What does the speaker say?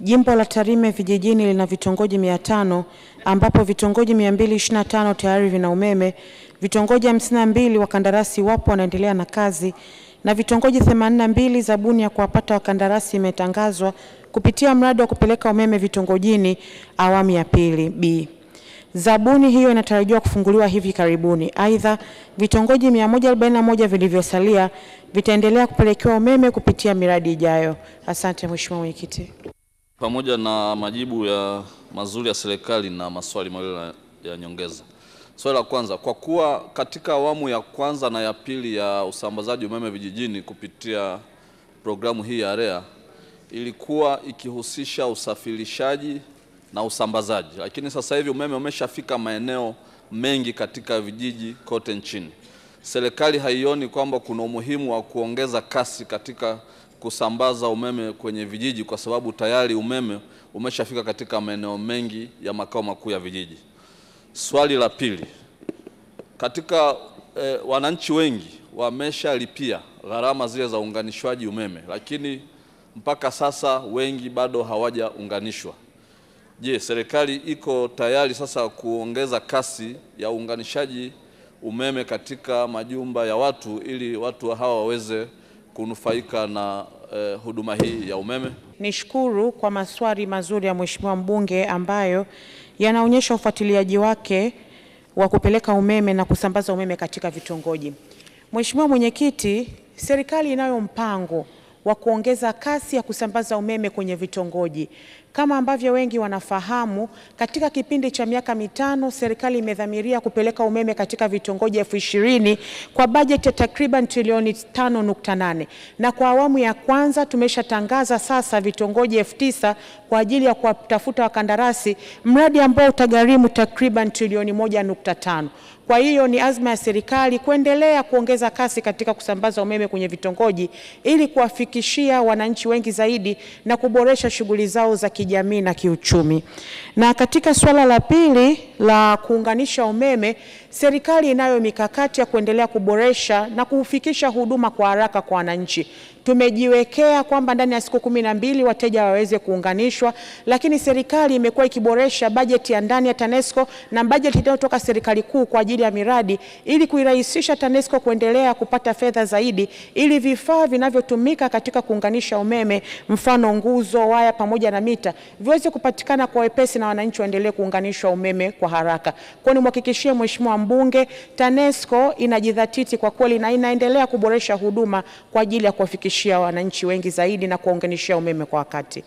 Jimbo la Tarime vijijini lina vitongoji 500 ambapo vitongoji 225 tayari vina umeme, vitongoji 52 wakandarasi wapo wanaendelea na kazi, na vitongoji 82 zabuni ya kuwapata wakandarasi imetangazwa kupitia mradi wa kupeleka umeme vitongojini awamu ya pili B. Zabuni hiyo inatarajiwa kufunguliwa hivi karibuni. Aidha, vitongoji 141 vilivyosalia vitaendelea kupelekewa umeme kupitia miradi ijayo. Asante Mheshimiwa Mwenyekiti pamoja na majibu ya mazuri ya serikali na maswali mawili ya nyongeza. Swali la kwanza, kwa kuwa katika awamu ya kwanza na ya pili ya usambazaji umeme vijijini kupitia programu hii ya REA ilikuwa ikihusisha usafirishaji na usambazaji, lakini sasa hivi umeme umeshafika maeneo mengi katika vijiji kote nchini, serikali haioni kwamba kuna umuhimu wa kuongeza kasi katika kusambaza umeme kwenye vijiji, kwa sababu tayari umeme umeshafika katika maeneo mengi ya makao makuu ya vijiji. Swali la pili, katika eh, wananchi wengi wameshalipia gharama zile za uunganishwaji umeme, lakini mpaka sasa wengi bado hawajaunganishwa. Je, serikali iko tayari sasa kuongeza kasi ya uunganishaji umeme katika majumba ya watu ili watu hawa waweze kunufaika na eh, huduma hii ya umeme. Nishukuru kwa maswali mazuri ya Mheshimiwa mbunge ambayo yanaonyesha ufuatiliaji wake wa kupeleka umeme na kusambaza umeme katika vitongoji. Mheshimiwa Mwenyekiti, serikali inayo mpango wa kuongeza kasi ya kusambaza umeme kwenye vitongoji. Kama ambavyo wengi wanafahamu, katika kipindi cha miaka mitano serikali imedhamiria kupeleka umeme katika vitongoji elfu ishirini kwa bajeti ya takriban trilioni 5.8 na kwa awamu ya kwanza tumeshatangaza sasa vitongoji elfu tisa kwa ajili ya kuwatafuta wakandarasi, mradi ambao utagharimu takriban trilioni 1.5. Kwa hiyo ni azma ya serikali kuendelea kuongeza kasi katika kusambaza umeme kwenye vitongoji ili kuwafikishia wananchi wengi zaidi na kuboresha shughuli zao za kijamii na kiuchumi. Na katika suala la pili la kuunganisha umeme, serikali inayo mikakati ya kuendelea kuboresha na kufikisha huduma kwa haraka kwa wananchi. Tumejiwekea kwamba ndani ya siku kumi na mbili wateja waweze kuunganishwa, lakini serikali imekuwa ikiboresha bajeti ya ndani ya TANESCO na bajeti inayotoka serikali kuu kwa ajili ya miradi ili kuirahisisha TANESCO kuendelea kupata fedha zaidi ili vifaa vinavyotumika katika kuunganisha umeme, mfano nguzo, waya pamoja na mita viweze kupatikana kwa wepesi na wananchi waendelee kuunganishwa umeme kwa haraka. Kwa ni mhakikishie Mheshimiwa mbunge, TANESCO inajidhatiti kwa kweli na inaendelea kuboresha huduma kwa ajili ya kuwafikishia wananchi wengi zaidi na kuwaunganishia umeme kwa wakati.